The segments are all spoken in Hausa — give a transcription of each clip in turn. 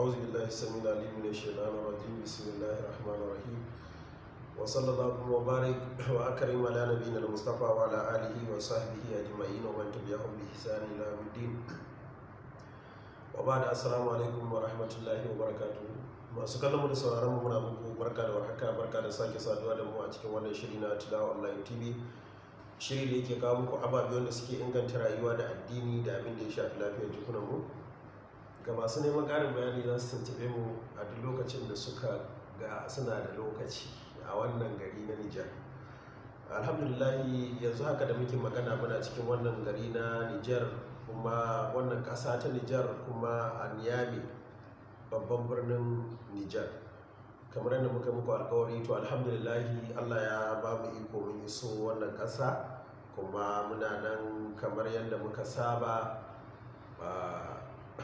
أعوذ بالله السميع العليم من الشيطان الرجيم بسم الله الرحمن الرحيم وصلى الله وبارك وأكرم على نبينا المصطفى وعلى آله وصحبه أجمعين ومن تبعهم بإحسان إلى يوم الدين وبعد السلام عليكم ورحمة الله وبركاته masu kallon da sauraron mu muna muku barka da warhaka barka da sake saduwa da mu a cikin wannan shiri na Tilawa Online shiri da yake kawo muku ababe wanda suke inganta rayuwa da addini da abin da ya shafi lafiyar jikunan mu ga masu neman ƙarin bayani za su tuntube mu a duk lokacin da suka ga suna da lokaci a wannan gari na Nijar. alhamdulillahi yanzu haka da muke magana muna cikin wannan gari na Nijar kuma wannan ƙasa ta Nijar kuma a Niyami babban birnin Nijar. kamar yadda muka muku alkawari to alhamdulillahi Allah ya ba mu iko mun iso wannan ƙasa kuma muna nan kamar yadda muka saba ah,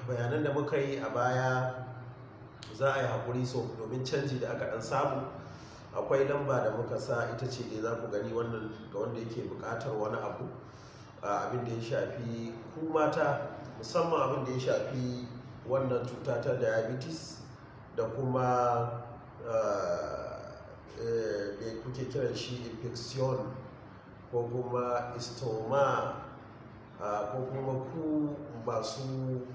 bayanan da muka yi a baya za a yi haƙuri so domin canji da aka ɗan samu akwai lamba da muka sa ita ce dai za ku gani wannan ga wanda yake buƙatar wani abu abin da ya shafi ku musamman abin da ya shafi wannan cuta ta diabetes da kuma e, me kuke kiran shi infection ko kuma istoma ko kuma ku masu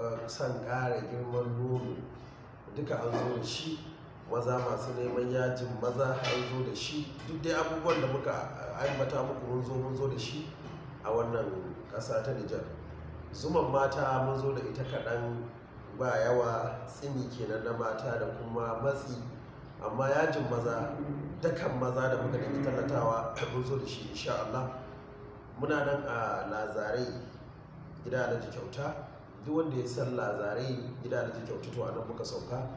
Eh, son ƙara girman nono duka an zo da shi maza masu neman yajin maza an zo da shi duk dai abubuwan da muka ambata muku mun zo mun zo da shi a wannan ƙasa ta nijar zuman mata mun zo da ita kaɗan ba yawa tsini kenan na mata da kuma matsi amma yajin maza dakan maza da muka da tallatawa mun zo da shi insha Allah muna nan a lazarai gida na kyauta duk wanda ya sallah zare gida da take kyautatu a nan muka sauka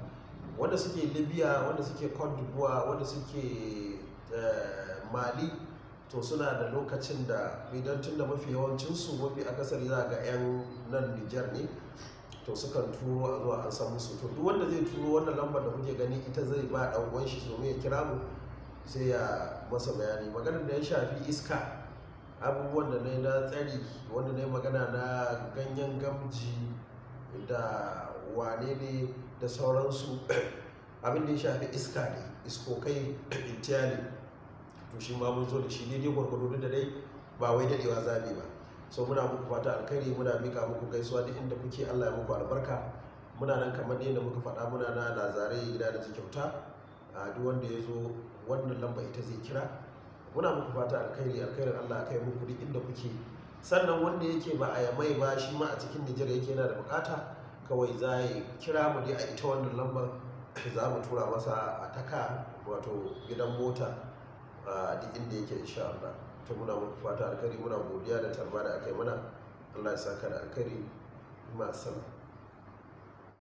wanda suke libya wanda suke cote wanda suke eh, mali to suna da lokacin da idan tun da mafi yawancinsu mafi akasari za ga 'yan nan nijar ne to sukan turo a zuwa an samu musu to duk wanda zai turo wannan lambar da kuke gani ita zai ba ɗan uwan shi domin ya kira mu sai ya masa bayani maganar da ya shafi iska abubuwan da na na tsari wanda na magana na ganyen gamji da wane ne da sauransu abin da ya shafi iska ne iskokai intiya ne to shi ma mun zo da shi daidai gwargwado da dai ba wai dadewa zabi ba so muna muku fata alkhairi muna mika muku gaisuwa duk inda kuke Allah ya muku albarka muna nan kamar ne da muka faɗa muna na lazare gida da kyauta a duk wanda ya zo wannan lamba ita zai kira muna muku fata alkhairi alkhairin Allah ya kai muku duk inda kuke sannan wanda yake ba a yamai ba shi ma a cikin nijar yake yana da bukata kawai za ya kira mu dai a ita wannan lambar za mu tura masa a taka wato gidan mota a duk inda yake insha Allah to muna muku fata alkari muna godiya da tarba da aka yi mana Allah ya saka da masu ma